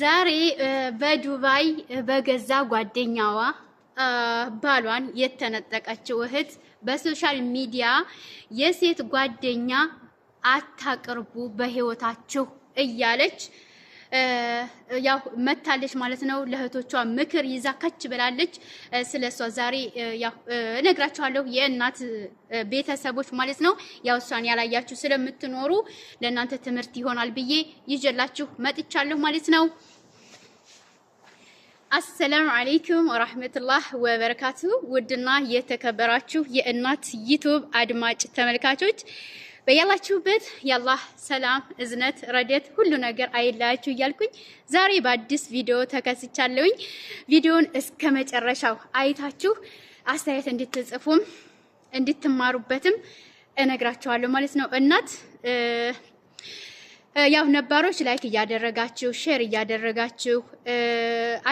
ዛሬ በዱባይ በገዛ ጓደኛዋ ባሏን የተነጠቀችው እህት በሶሻል ሚዲያ የሴት ጓደኛ አታቅርቡ በህይወታችሁ እያለች ያው መታለች ማለት ነው። ለእህቶቿ ምክር ይዛ ከች ብላለች። ስለ እሷ ዛሬ ያው እነግራችኋለሁ የእናት ቤተሰቦች ማለት ነው። ያው እሷን ያላያችሁ ስለምትኖሩ ለእናንተ ትምህርት ይሆናል ብዬ ይዤላችሁ መጥቻለሁ ማለት ነው። አሰላሙ አለይኩም ወራህመቱላህ ወበረካቱ። ውድና የተከበራችሁ የእናት ዩቱብ አድማጭ ተመልካቾች በያላችሁበት የአላህ ሰላም፣ እዝነት፣ ረደት ሁሉ ነገር አይለያችሁ እያልኩኝ ዛሬ በአዲስ ቪዲዮ ተከስቻለሁኝ። ቪዲዮን እስከ መጨረሻው አይታችሁ አስተያየት እንድትጽፉም እንድትማሩበትም እነግራችኋለሁ ማለት ነው። እናት ያው ነባሮች ላይክ እያደረጋችሁ ሼር እያደረጋችሁ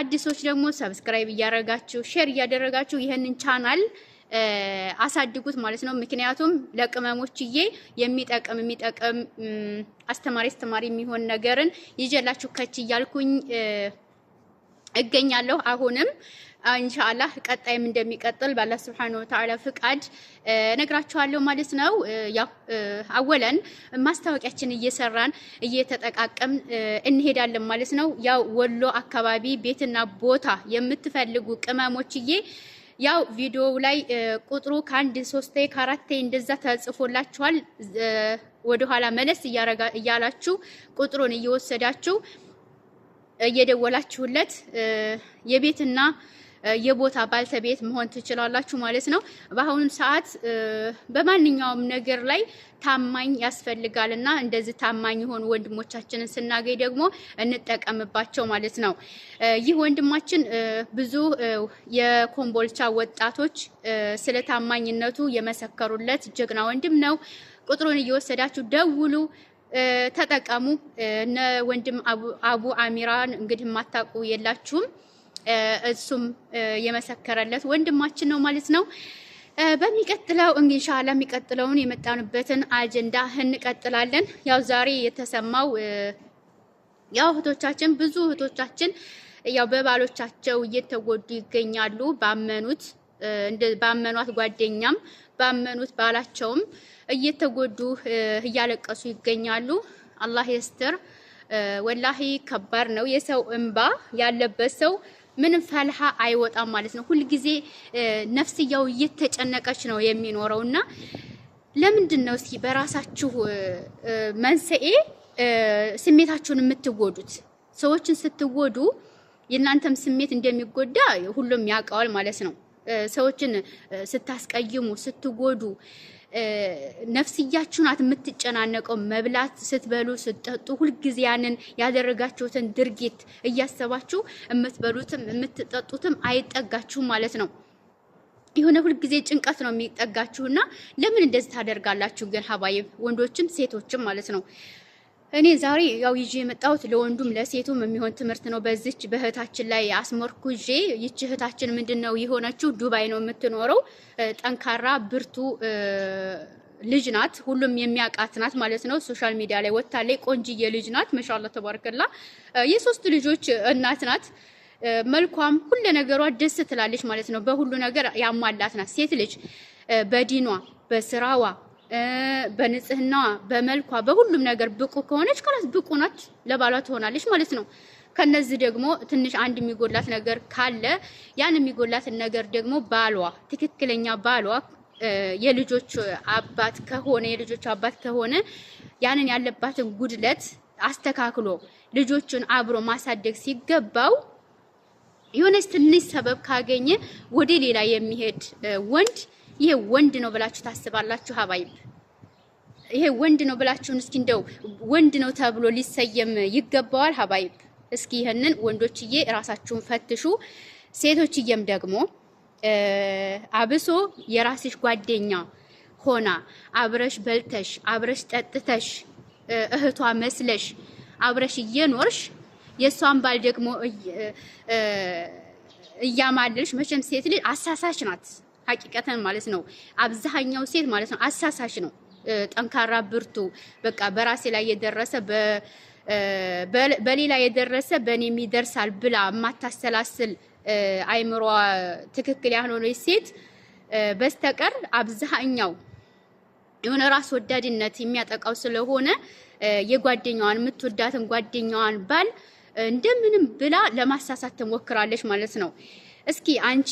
አዲሶች ደግሞ ሰብስክራይብ እያደረጋችሁ ሼር እያደረጋችሁ ይህንን ቻናል አሳድጉት ማለት ነው። ምክንያቱም ለቅመሞችዬ የሚጠቅም የሚጠቅም አስተማሪ አስተማሪ የሚሆን ነገርን ይጀላችሁ ከች እያልኩኝ እገኛለሁ። አሁንም ኢንሻአላህ ቀጣይም እንደሚቀጥል ባላ ስብሓን ወተዓላ ፍቃድ ነግራችኋለሁ ማለት ነው። አወለን ማስታወቂያችን እየሰራን እየተጠቃቀም እንሄዳለን ማለት ነው። ያው ወሎ አካባቢ ቤትና ቦታ የምትፈልጉ ቅመሞችዬ ያው ቪዲዮው ላይ ቁጥሩ ከአንድ ሶስቴ ከአራቴ እንደዛ ተጽፎላችኋል። ወደኋላ መለስ እያላችሁ ቁጥሩን እየወሰዳችሁ እየደወላችሁለት የቤትና የቦታ ባልተቤት መሆን ትችላላችሁ ማለት ነው። በአሁኑ ሰዓት በማንኛውም ነገር ላይ ታማኝ ያስፈልጋል እና እንደዚህ ታማኝ የሆኑ ወንድሞቻችንን ስናገኝ ደግሞ እንጠቀምባቸው ማለት ነው። ይህ ወንድማችን ብዙ የኮምቦልቻ ወጣቶች ስለ ታማኝነቱ የመሰከሩለት ጀግና ወንድም ነው። ቁጥሩን እየወሰዳችሁ ደውሉ፣ ተጠቀሙ። እነ ወንድም አቡ አሚራን እንግዲህ የማታውቁ የላችሁም። እሱም የመሰከረለት ወንድማችን ነው ማለት ነው። በሚቀጥለው እንሻላ የሚቀጥለውን የመጣንበትን አጀንዳ እንቀጥላለን። ያው ዛሬ የተሰማው ያው እህቶቻችን ብዙ እህቶቻችን ያው በባሎቻቸው እየተጎዱ ይገኛሉ። ባመኑት ባመኗት ጓደኛም ባመኑት ባላቸውም እየተጎዱ እያለቀሱ ይገኛሉ። አላህ ይስጥር። ወላሂ ከባድ ነው የሰው እንባ ያለበት ሰው ምንም ፈልሃ አይወጣም ማለት ነው። ሁልጊዜ ነፍስያው እየተጨነቀች ነው የሚኖረው እና ለምንድን ነው እስኪ በራሳችሁ መንስኤ ስሜታችሁን የምትጎዱት? ሰዎችን ስትጎዱ የእናንተም ስሜት እንደሚጎዳ ሁሉም ያውቀዋል ማለት ነው። ሰዎችን ስታስቀይሙ ስትጎዱ ነፍስያችሁ ናት የምትጨናነቀው። መብላት ስትበሉ፣ ስትጠጡ ሁልጊዜ ያንን ያደረጋችሁትን ድርጊት እያሰባችሁ የምትበሉትም የምትጠጡትም አይጠጋችሁም ማለት ነው። የሆነ ሁልጊዜ ጭንቀት ነው የሚጠጋችሁና ለምን እንደዚህ ታደርጋላችሁ? ግን ሀባይም ወንዶችም ሴቶችም ማለት ነው እኔ ዛሬ ያው ይዤ የመጣሁት ለወንዱም ለሴቱም የሚሆን ትምህርት ነው። በዚች በእህታችን ላይ አስመርኩዤ ይቺ እህታችን ምንድን ነው የሆነችው? ዱባይ ነው የምትኖረው። ጠንካራ ብርቱ ልጅ ናት። ሁሉም የሚያውቃት ናት ማለት ነው። ሶሻል ሚዲያ ላይ ወታለች። ቆንጅዬ ልጅ ናት። መሻላ ተባረከላ። የሶስት ልጆች እናት ናት። መልኳም ሁለ ነገሯ ደስ ትላለች ማለት ነው። በሁሉ ነገር ያሟላት ናት ሴት ልጅ በዲኗ በስራዋ በንጽህና በመልኳ፣ በሁሉም ነገር ብቁ ከሆነች ከራስ ብቁ ናች፣ ለባሏ ትሆናለች ማለት ነው። ከነዚህ ደግሞ ትንሽ አንድ የሚጎላት ነገር ካለ ያን የሚጎላትን ነገር ደግሞ ባሏ ትክክለኛ ባሏ የልጆች አባት ከሆነ የልጆች አባት ከሆነ ያንን ያለባትን ጉድለት አስተካክሎ ልጆቹን አብሮ ማሳደግ ሲገባው የሆነች ትንሽ ሰበብ ካገኘ ወደ ሌላ የሚሄድ ወንድ ይሄ ወንድ ነው ብላችሁ ታስባላችሁ? ሀባይብ ይሄ ወንድ ነው ብላችሁን እስኪ እንደው ወንድ ነው ተብሎ ሊሰየም ይገባዋል? ሀባይብ እስኪ ይህንን ወንዶችዬ ራሳችሁን ፈትሹ። ሴቶችዬም ደግሞ አብሶ የራስሽ ጓደኛ ሆና አብረሽ በልተሽ አብረሽ ጠጥተሽ እህቷ መስለሽ አብረሽ እየኖርሽ የእሷን ባል ደግሞ እያማለልሽ መቼም ሴት ልጅ አሳሳች ናት። ሀቂቀተን ማለት ነው። አብዛኛው ሴት ማለት ነው አሳሳሽ ነው። ጠንካራ ብርቱ፣ በቃ በራሴ ላይ የደረሰ በሌላ የደረሰ በእኔ የሚደርሳል ብላ የማታሰላስል አይምሯ ትክክል ያልሆነች ሴት በስተቀር አብዛኛው የሆነ ራስ ወዳድነት የሚያጠቃው ስለሆነ የጓደኛዋን የምትወዳትን ጓደኛዋን ባል እንደምንም ብላ ለማሳሳት ትሞክራለች ማለት ነው። እስኪ አንቺ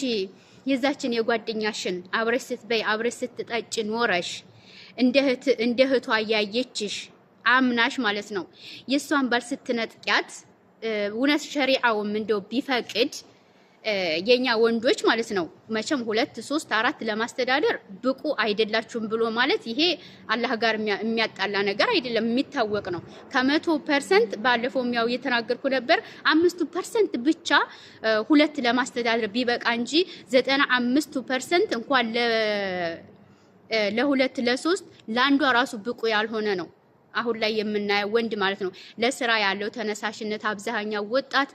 የዛችን የጓደኛሽን አብረሽ ስትበይ አብረሽ ስትጠጭ ኖረሽ እንደ እህቷ እያየችሽ አምናሽ ማለት ነው የእሷን ባል ስትነጥቂያት እውነት ሸሪዓውም እንደው ቢፈቅድ የኛ ወንዶች ማለት ነው መቼም ሁለት ሶስት አራት ለማስተዳደር ብቁ አይደላችሁም ብሎ ማለት ይሄ አላህ ጋር የሚያጣላ ነገር አይደለም፣ የሚታወቅ ነው። ከመቶ ፐርሰንት ባለፈው ያው እየተናገርኩ ነበር አምስቱ ፐርሰንት ብቻ ሁለት ለማስተዳደር ቢበቃ እንጂ ዘጠና አምስቱ ፐርሰንት እንኳን ለሁለት ለሶስት ለአንዷ ራሱ ብቁ ያልሆነ ነው። አሁን ላይ የምናየው ወንድ ማለት ነው። ለስራ ያለው ተነሳሽነት አብዛኛው ወጣት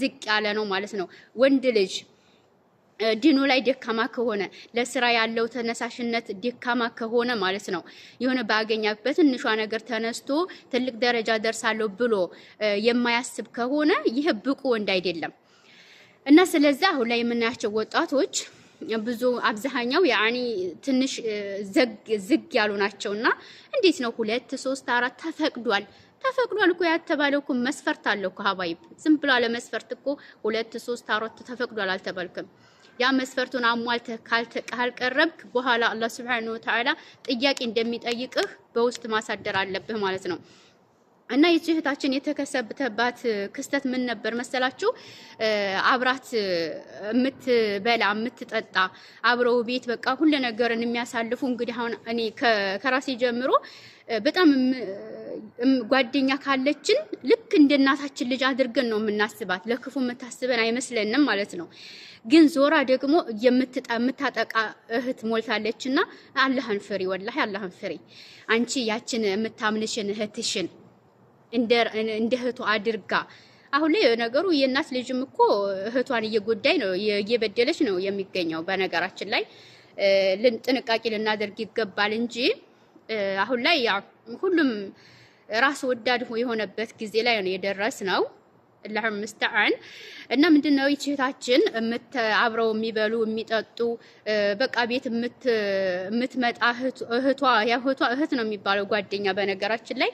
ዝቅ ያለ ነው ማለት ነው። ወንድ ልጅ ድኑ ላይ ደካማ ከሆነ ለስራ ያለው ተነሳሽነት ደካማ ከሆነ ማለት ነው የሆነ ባገኛ በትንሿ ነገር ተነስቶ ትልቅ ደረጃ ደርሳለሁ ብሎ የማያስብ ከሆነ ይህ ብቁ ወንድ አይደለም እና ስለዚህ አሁን ላይ የምናያቸው ወጣቶች ብዙ አብዛኛው ያኒ ትንሽ ዝግ ያሉ ናቸውና እንዴት ነው ሁለት ሶስት አራት ተፈቅዷል ተፈቅዷል እኮ ያተባለው እኮ መስፈርት አለው እኮ ሀባይብ ዝም ብሎ አለ እኮ ሁለት ሶስት አራት ተፈቅዷል አልተባልክም። ያ መስፈርቱን አሟልተህ ካልቀረብክ በኋላ አላህ ሱብሓነሁ ወተዓላ ጥያቄ እንደሚጠይቅህ በውስጥ ማሳደር አለብህ ማለት ነው። እና ይቺ እህታችን ክስተት ምን ነበር መሰላችሁ? አብራት የምትበላ የምትጠጣ አብረው ቤት በቃ ሁሉ ነገርን የሚያሳልፉ እንግዲህ አሁን እኔ ከራሴ ጀምሮ በጣም ጓደኛ ካለችን ልክ እንደ እናታችን ልጅ አድርገን ነው የምናስባት። ለክፉ የምታስበን አይመስለንም ማለት ነው። ግን ዞራ ደግሞ የምታጠቃ እህት ሞልታለችና አላህን ፍሪ፣ ወላሂ አላህን ፍሪ። አንቺ ያችን የምታምንሽን እህትሽን እንደ እህቱ አድርጋ አሁን ላይ ነገሩ የእናት ልጅም እኮ እህቷን እየጎዳይ ነው እየበደለች ነው የሚገኘው። በነገራችን ላይ ጥንቃቄ ልናደርግ ይገባል እንጂ አሁን ላይ ሁሉም ራስ ወዳድ የሆነበት ጊዜ ላይ ነው የደረስ ነው። አላህ ምስተዓን እና ምንድነው ይችታችን አብረው የሚበሉ የሚጠጡ በቃ ቤት የምትመጣ እህቷ ያ እህት ነው የሚባለው ጓደኛ በነገራችን ላይ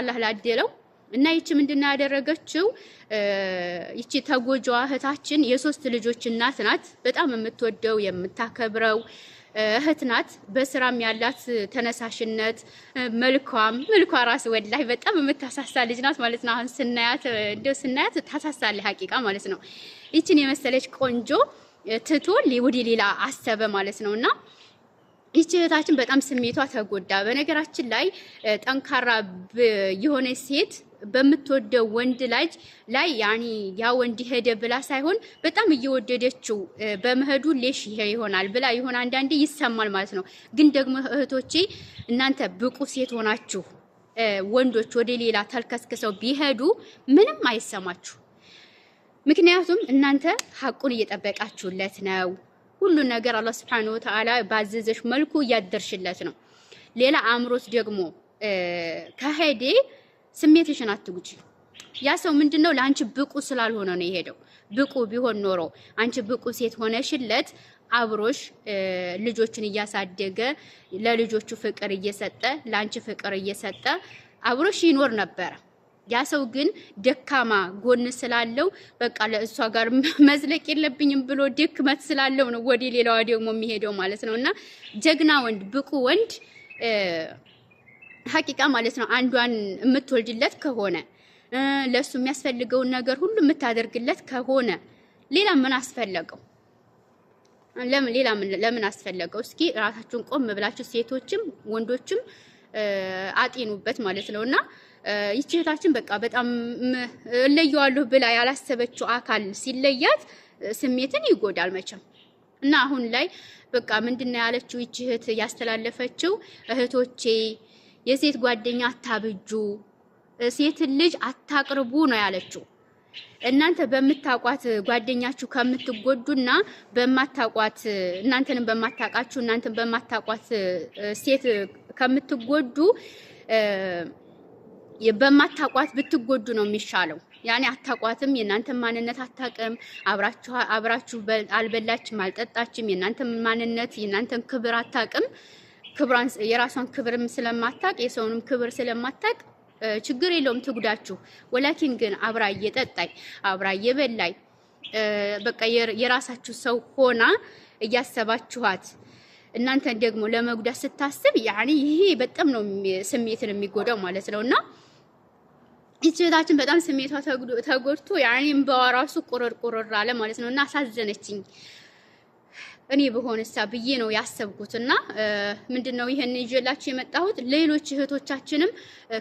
አላህ ላደለው እና ይቺ ምንድነው ያደረገችው? ይቺ ተጎጂዋ እህታችን የሶስት ልጆች እናት ናት። በጣም የምትወደው የምታከብረው እህት ናት። በስራም ያላት ተነሳሽነት መልኳም መልኳ ራስ ላይ በጣም የምታሳሳ ልጅ ናት ማለት ነው። አሁን ስናያት እንደው ስናያት ታሳሳለህ ሀቂቃ ማለት ነው። ይችን የመሰለች ቆንጆ ትቶ ወደ ሌላ አሰበ ማለት ነው እና ይች እህታችን በጣም ስሜቷ ተጎዳ። በነገራችን ላይ ጠንካራ የሆነች ሴት በምትወደው ወንድ ላጅ ላይ ያኒ ያ ወንድ ሄደ ብላ ሳይሆን በጣም እየወደደችው በመሄዱ ሌሽ ይሄ ይሆናል ብላ ይሆን አንዳንዴ ይሰማል ማለት ነው። ግን ደግሞ እህቶቼ እናንተ ብቁ ሴት ሆናችሁ ወንዶች ወደ ሌላ ተልከስክሰው ቢሄዱ ምንም አይሰማችሁ። ምክንያቱም እናንተ ሀቁን እየጠበቃችሁለት ነው። ሁሉ ነገር አላህ ሱብሓነሁ ወተዓላ ባዘዘሽ መልኩ እያደርሽለት ነው። ሌላ አእምሮት ደግሞ ከሄዴ ስሜትሽን አትጉጂ። ያ ሰው ምንድነው ለአንቺ ብቁ ስላልሆነ ነው የሄደው። ብቁ ቢሆን ኖሮ አንቺ ብቁ ሴት ሆነሽለት አብሮሽ ልጆችን እያሳደገ ለልጆቹ ፍቅር እየሰጠ ለአንቺ ፍቅር እየሰጠ አብሮሽ ይኖር ነበረ። ያ ሰው ግን ደካማ ጎን ስላለው በቃ ለእሷ ጋር መዝለቅ የለብኝም ብሎ ድክመት ስላለው ነው ወደ ሌላዋ ደግሞ የሚሄደው ማለት ነው። እና ጀግና ወንድ ብቁ ወንድ ሀቂቃ ማለት ነው አንዷን የምትወልድለት ከሆነ ለእሱ የሚያስፈልገውን ነገር ሁሉ የምታደርግለት ከሆነ ሌላ ምን አስፈለገው? ለምን ሌላ ለምን አስፈለገው? እስኪ ራሳችሁን ቆም ብላችሁ ሴቶችም ወንዶችም አጤኑበት ማለት ነው። እና ይቺ እህታችን በቃ በጣም እለየዋለሁ ብላ ያላሰበችው አካል ሲለያት ስሜትን ይጎዳል መቼም። እና አሁን ላይ በቃ ምንድን ነው ያለችው ይቺ እህት ያስተላለፈችው እህቶቼ የሴት ጓደኛ አታብጁ፣ ሴትን ልጅ አታቅርቡ ነው ያለችው። እናንተ በምታቋት ጓደኛችሁ ከምትጎዱና በማታቋት እናንተንም በማታቃችሁ እናንተን በማታቋት ሴት ከምትጎዱ በማታቋት ብትጎዱ ነው የሚሻለው። ያኔ አታቋትም፣ የእናንተን ማንነት አታቅም። አብራችሁ አልበላችም፣ አልጠጣችም፣ የእናንተን ማንነት የእናንተን ክብር አታቅም። ክብሯን የራሷን ክብርም ስለማታቅ የሰውንም ክብር ስለማታቅ ችግር የለውም ትጉዳችሁ። ወላኪን ግን አብራ እየጠጣይ አብራ እየበላይ በቃ የራሳችሁ ሰው ሆና እያሰባችኋት እናንተን ደግሞ ለመጉዳት ስታስብ ያኔ ይሄ በጣም ነው ስሜትን የሚጎዳው ማለት ነው እና ይችታችን በጣም ስሜቷ ተጎድቶ ያኔ እምባዋ ራሱ ቁርር ቁርር አለ ማለት ነው እና አሳዘነችኝ። እኔ በሆነሳ ብዬ ነው ያሰብኩት ምንድን ነው ይህን ይዤላችሁ የመጣሁት ሌሎች እህቶቻችንም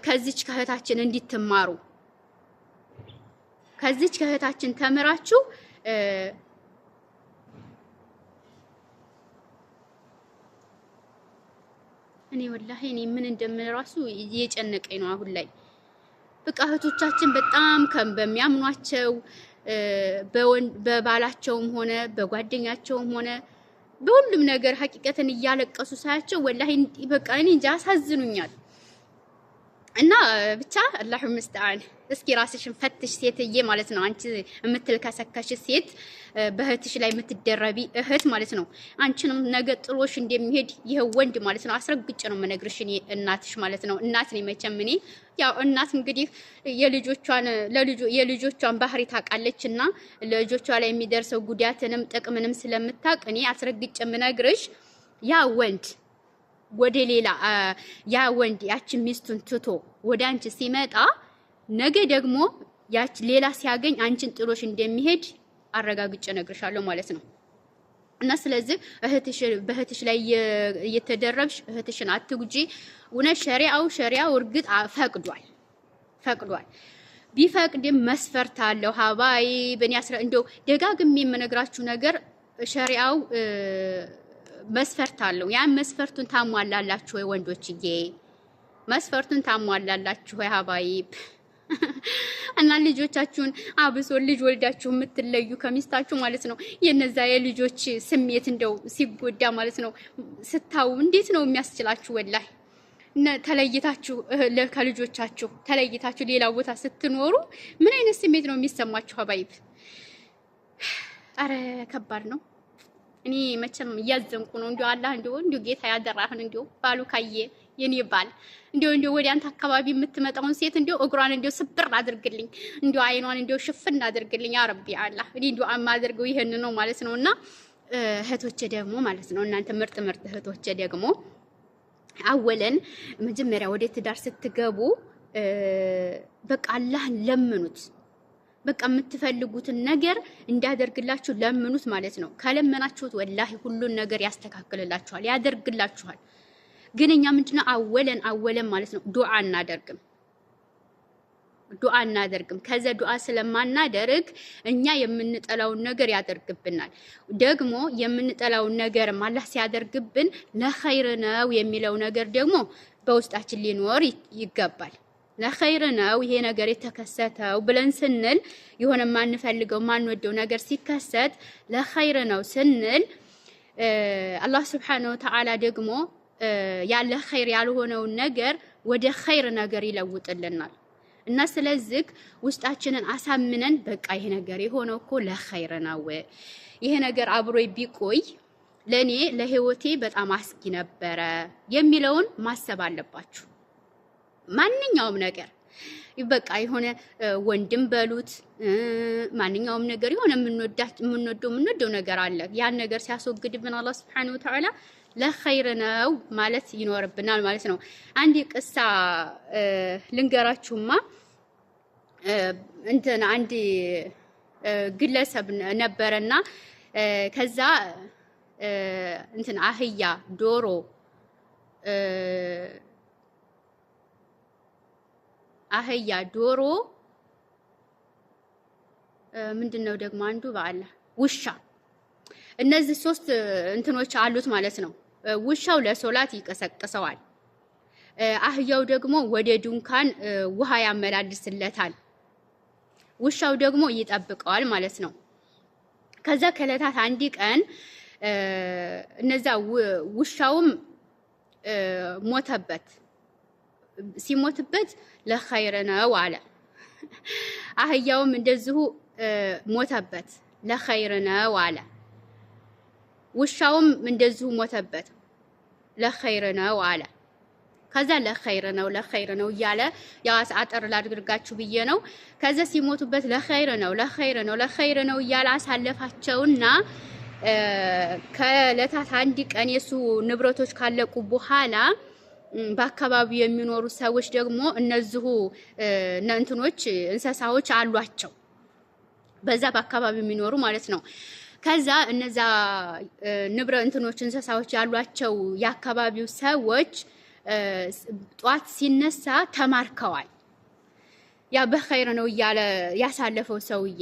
ከዚች ከእህታችን እንዲትማሩ ከዚች ከእህታችን ተምራችሁ እኔ ወላሂ እኔ ምን እንደምን ራሱ እየጨነቀኝ ነው አሁን ላይ። በቃ እህቶቻችን በጣም በሚያምኗቸው በባላቸውም ሆነ በጓደኛቸውም ሆነ በሁሉም ነገር ሀቂቀትን እያለቀሱ ሳያቸው ወላሂ በቃ እኔ እንጃ አሳዝኑኛል። እና ብቻ አላሁ ምስተዓን። እስኪ ራስሽን ፈትሽ ሴትዬ ማለት ነው። አንቺ የምትልከሰከሽ ሴት በእህትሽ ላይ የምትደረቢ እህት ማለት ነው። አንቺንም ነገ ጥሎሽ እንደሚሄድ ይህ ወንድ ማለት ነው። አስረግጬ ነው የምነግርሽ እናትሽ ማለት ነው። እናት ነኝ መቼም እኔ ያው እናት እንግዲህ የልጆቿን ባህሪ ታውቃለች እና ልጆቿ ላይ የሚደርሰው ጉዳትንም ጥቅምንም ስለምታውቅ እኔ አስረግጬ የምነግርሽ ያ ወንድ ወደ ሌላ ያ ወንድ ያችን ሚስቱን ትቶ ወደ አንቺ ሲመጣ ነገ ደግሞ ያች ሌላ ሲያገኝ አንቺን ጥሎሽ እንደሚሄድ አረጋግጬ እነግርሻለሁ ማለት ነው። እና ስለዚህ እህትሽ በእህትሽ ላይ እየተደረብሽ እህትሽን አትጉጂ። እውነት ሸሪአው ሸሪአው እርግጥ ፈቅዷል ፈቅዷል ቢፈቅድም መስፈርት አለው። ሀባይ በእኔ እንደው ደጋግሜ የምነግራችሁ ነገር ሸሪአው መስፈርት አለው። ያን መስፈርቱን ታሟላላችሁ ወይ ወንዶችዬ? መስፈርቱን ታሟላላችሁ ወይ ሀባይብ? እና ልጆቻችሁን አብሶ ልጅ ወልዳችሁ የምትለዩ ከሚስታችሁ ማለት ነው። የነዛ የልጆች ስሜት እንደው ሲጎዳ ማለት ነው ስታው እንዴት ነው የሚያስችላችሁ? ወላይ ተለይታችሁ ከልጆቻችሁ ተለይታችሁ ሌላ ቦታ ስትኖሩ ምን አይነት ስሜት ነው የሚሰማችሁ? ሀባይብ፣ አረ ከባድ ነው። እኔ መቼም እያዘንኩ ነው። እንዲ አላህ እንዲ እንዲ ጌታ ያደራህን እንዲ ባሉ ካየ የኔ ባል እንዲ እንዲ ወደ አንተ አካባቢ የምትመጣውን ሴት እንዲ እግሯን እንዲ ስብር አድርግልኝ፣ እንዲ አይኗን እንዲ ሽፍን አድርግልኝ። አረቢ አላህ እኔ እንዲ የማደርገው ይህን ነው ማለት ነው። እና እህቶቼ ደግሞ ማለት ነው እናንተ ምርጥ ምርጥ እህቶቼ ደግሞ አወለን መጀመሪያ ወደ ትዳር ስትገቡ በቃ አላህን ለምኑት። በቃ የምትፈልጉትን ነገር እንዲያደርግላችሁ ለምኑት ማለት ነው። ከለመናችሁት ወላሂ ሁሉን ነገር ያስተካክልላችኋል፣ ያደርግላችኋል። ግን እኛ ምንድነው አወለን አወለን ማለት ነው ዱዓ እናደርግም ዱዓ እናደርግም። ከዛ ዱዓ ስለማናደርግ እኛ የምንጠላውን ነገር ያደርግብናል። ደግሞ የምንጠላውን ነገር አላህ ሲያደርግብን ለኸይር ነው የሚለው ነገር ደግሞ በውስጣችን ሊኖር ይገባል። ለኸይር ነው ይሄ ነገር የተከሰተው ብለን ስንል የሆነ የማንፈልገው ማንወደው ነገር ሲከሰት ለኸይር ነው ስንል አላህ ስብሓነሁ ወተዓላ ደግሞ ያለ ኸይር ያልሆነውን ነገር ወደ ኸይር ነገር ይለውጥልናል። እና ስለዚህ ውስጣችንን አሳምነን በቃ ይሄ ነገር የሆነው እኮ ለኸይር ነው፣ ይሄ ነገር አብሮ ቢቆይ ለእኔ ለህይወቴ በጣም አስጊ ነበረ የሚለውን ማሰብ አለባችሁ። ማንኛውም ነገር በቃ የሆነ ወንድም በሉት ማንኛውም ነገር የሆነ የምንወደው የምንወደው ነገር አለ። ያን ነገር ሲያስወግድብን አላህ ሱብሓነሁ ወተዓላ ለኸይር ነው ማለት ይኖርብናል ማለት ነው። አንድ ቅሳ ልንገራችሁማ እንትን አንድ ግለሰብ ነበረና ከዛ እንትን አህያ ዶሮ አህያ፣ ዶሮ ምንድን ነው ደግሞ አንዱ በአላ ውሻ። እነዚህ ሶስት እንትኖች አሉት ማለት ነው። ውሻው ለሶላት ይቀሰቅሰዋል። አህያው ደግሞ ወደ ድንኳን ውሃ ያመላልስለታል። ውሻው ደግሞ ይጠብቀዋል ማለት ነው። ከዛ ከዕለታት አንድ ቀን እነዛ ውሻውም ሞተበት። ሲሞትበት ለኸይር ነው አለ። አህያውም እንደዚሁ ሞተበት ለኸይር ነው አለ። ውሻውም እንደዚሁ ሞተበት ለኸይር ነው አለ። ከዛ ለኸይር ነው ለኸይር ነው እያለ ያው አጠር ላድርጋችሁ ብዬ ነው። ከዛ ሲሞቱበት ለኸይር ነው ለኸይር ነው ለኸይር ነው እያለ አሳለፋቸውና ከእለታት አንድ ቀን የሱ ንብረቶች ካለቁ በኋላ በአካባቢው የሚኖሩ ሰዎች ደግሞ እነዚሁ እንትኖች እንስሳዎች አሏቸው። በዛ በአካባቢው የሚኖሩ ማለት ነው። ከዛ እነዛ ንብረ እንትኖች እንስሳዎች ያሏቸው የአካባቢው ሰዎች ጧት ሲነሳ ተማርከዋል። ያ በኸይር ነው እያለ ያሳለፈው ሰውዬ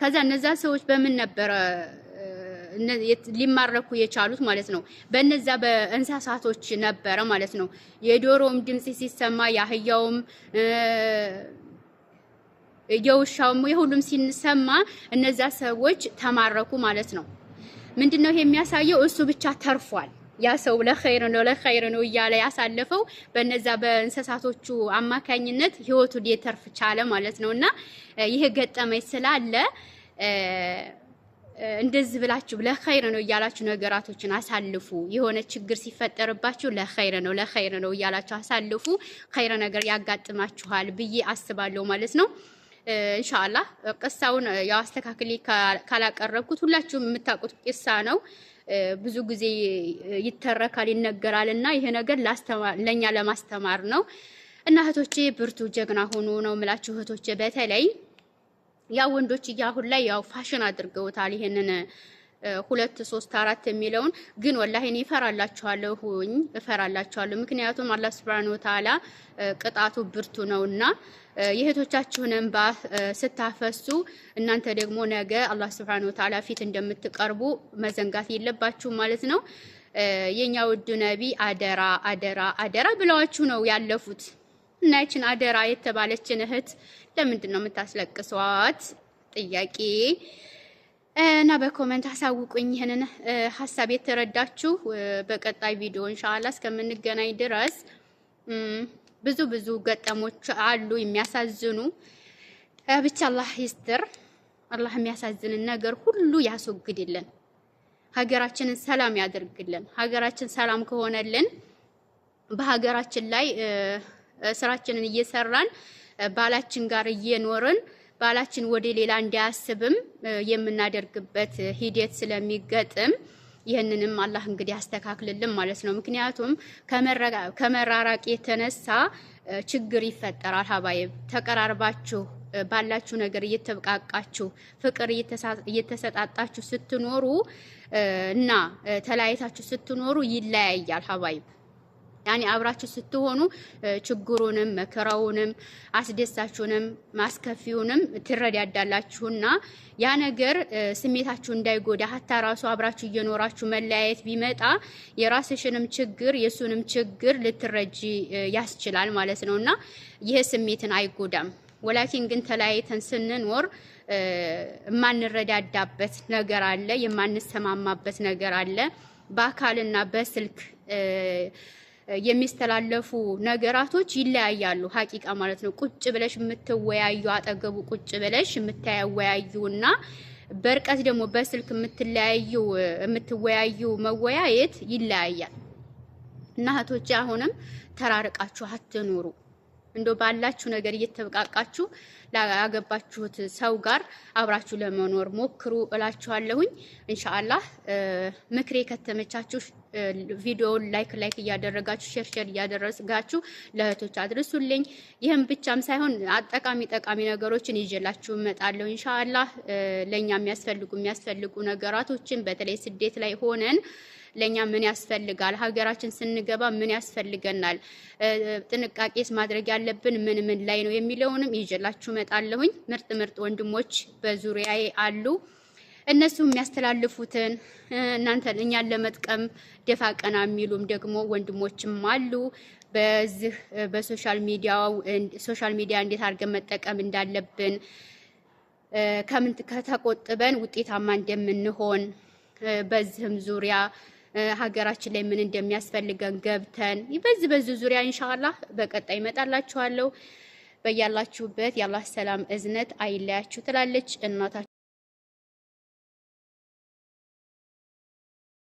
ከዛ እነዛ ሰዎች በምን ነበረ ሊማረኩ የቻሉት ማለት ነው። በነዛ በእንስሳቶች ነበረ ማለት ነው። የዶሮም ድምፅ ሲሰማ የአህያውም የውሻውም የሁሉም ሲሰማ እነዛ ሰዎች ተማረኩ ማለት ነው። ምንድን ነው የሚያሳየው? እሱ ብቻ ተርፏል። ያ ሰው ለኸይር ነው ለኸይር ነው እያለ ያሳለፈው በነዛ በእንስሳቶቹ አማካኝነት ህይወቱ ሊተርፍ ቻለ ማለት ነው። እና ይሄ ገጠመኝ ስላለ እንደዚህ ብላችሁ ለኸይር ነው እያላችሁ ነገራቶችን አሳልፉ። የሆነ ችግር ሲፈጠርባችሁ ለኸይር ነው ለኸይር ነው እያላችሁ አሳልፉ። ኸይር ነገር ያጋጥማችኋል ብዬ አስባለሁ ማለት ነው። እንሻላ ቅሳውን ያው አስተካክሌ ካላቀረብኩት ሁላችሁም የምታውቁት ቅሳ ነው። ብዙ ጊዜ ይተረካል ይነገራል። እና ይሄ ነገር ለእኛ ለማስተማር ነው። እና እህቶቼ ብርቱ ጀግና ሆኑ ነው የምላችሁ እህቶቼ በተለይ ያ ወንዶች አሁን ላይ ያው ፋሽን አድርገውታል ይሄንን ሁለት ሶስት አራት የሚለውን ግን ወላሂ እኔ እፈራላችኋለሁኝ እፈራላችኋለሁ። ምክንያቱም አላህ ሱብሓነሁ ወተዓላ ቅጣቱ ብርቱ ነውና የእህቶቻችሁን እንባ ስታፈሱ እናንተ ደግሞ ነገ አላህ ሱብሓነሁ ወተዓላ ፊት እንደምትቀርቡ መዘንጋት የለባችሁ ማለት ነው። የኛው ውድ ነቢ አደራ አደራ አደራ ብለዋችሁ ነው ያለፉት እና ይችን አደራ የተባለችን እህት ለምንድን ነው የምታስለቅሷት? ጥያቄ እና በኮመንት አሳውቁኝ። ይህንን ሀሳብ የተረዳችሁ በቀጣይ ቪዲዮ እንሻላ እስከምንገናኝ ድረስ ብዙ ብዙ ገጠሞች አሉ የሚያሳዝኑ። ብቻ አላህ ይስጥር። አላህ የሚያሳዝንን ነገር ሁሉ ያስወግድልን። ሀገራችንን ሰላም ያደርግልን። ሀገራችን ሰላም ከሆነልን በሀገራችን ላይ ስራችንን እየሰራን ባላችን ጋር እየኖርን ባላችን ወደ ሌላ እንዳያስብም የምናደርግበት ሂደት ስለሚገጥም ይህንንም አላህ እንግዲህ አስተካክልልን ማለት ነው። ምክንያቱም ከመራራቅ የተነሳ ችግር ይፈጠራል። ሀባይብ ተቀራርባችሁ ባላችሁ ነገር እየተብቃቃችሁ ፍቅር እየተሰጣጣችሁ ስትኖሩ እና ተለያይታችሁ ስትኖሩ ይለያያል ሀባይብ ያኔ አብራችሁ ስትሆኑ ችግሩንም መከራውንም አስደሳችሁንም ማስከፊውንም ትረዳዳላችሁና ያ ነገር ስሜታችሁ እንዳይጎዳ ሀታ ራሱ አብራችሁ እየኖራችሁ መለያየት ቢመጣ የራስሽንም ችግር የእሱንም ችግር ልትረጂ ያስችላል ማለት ነው እና ይህ ስሜትን አይጎዳም። ወላኪን ግን ተለያይተን ስንኖር የማንረዳዳበት ነገር አለ፣ የማንሰማማበት ነገር አለ በአካልና በስልክ የሚስተላለፉ ነገራቶች ይለያያሉ። ሀቂቃ ማለት ነው። ቁጭ ብለሽ የምትወያዩ አጠገቡ ቁጭ ብለሽ የምታወያዩ እና በርቀት ደግሞ በስልክ የምትለያዩ የምትወያዩ መወያየት ይለያያል እና እህቶች አሁንም ተራርቃችሁ አትኑሩ። እንዶ ባላችሁ ነገር እየተበቃቃችሁ ላገባችሁት ሰው ጋር አብራችሁ ለመኖር ሞክሩ እላችኋለሁኝ። እንሻአላህ ምክሬ ከተመቻችሁ ቪዲዮውን ላይክ ላይክ እያደረጋችሁ ሼር ሼር እያደረጋችሁ ለእህቶች አድርሱልኝ። ይህም ብቻም ሳይሆን ጠቃሚ ጠቃሚ ነገሮችን ይዤላችሁ እመጣለሁ ኢንሻአላህ። ለእኛ የሚያስፈልጉ የሚያስፈልጉ ነገራቶችን በተለይ ስደት ላይ ሆነን ለእኛ ምን ያስፈልጋል፣ ሀገራችን ስንገባ ምን ያስፈልገናል፣ ጥንቃቄስ ማድረግ ያለብን ምን ምን ላይ ነው የሚለውንም ይዤላችሁ እመጣለሁኝ። ምርጥ ምርጥ ወንድሞች በዙሪያዬ አሉ። እነሱ የሚያስተላልፉትን እናንተን እኛን ለመጥቀም ደፋ ቀና የሚሉም ደግሞ ወንድሞችም አሉ። በዚህ በሶሻል ሚዲያው ሶሻል ሚዲያ እንዴት አድርገን መጠቀም እንዳለብን ከምን ከተቆጥበን ውጤታማ እንደምንሆን በዚህም ዙሪያ ሀገራችን ላይ ምን እንደሚያስፈልገን ገብተን በዚህ በዚህ ዙሪያ ኢንሻአላህ በቀጣይ ይመጣላችኋለሁ። በያላችሁበት የአላህ ሰላም እዝነት አይለያችሁ ትላለች እናታችን።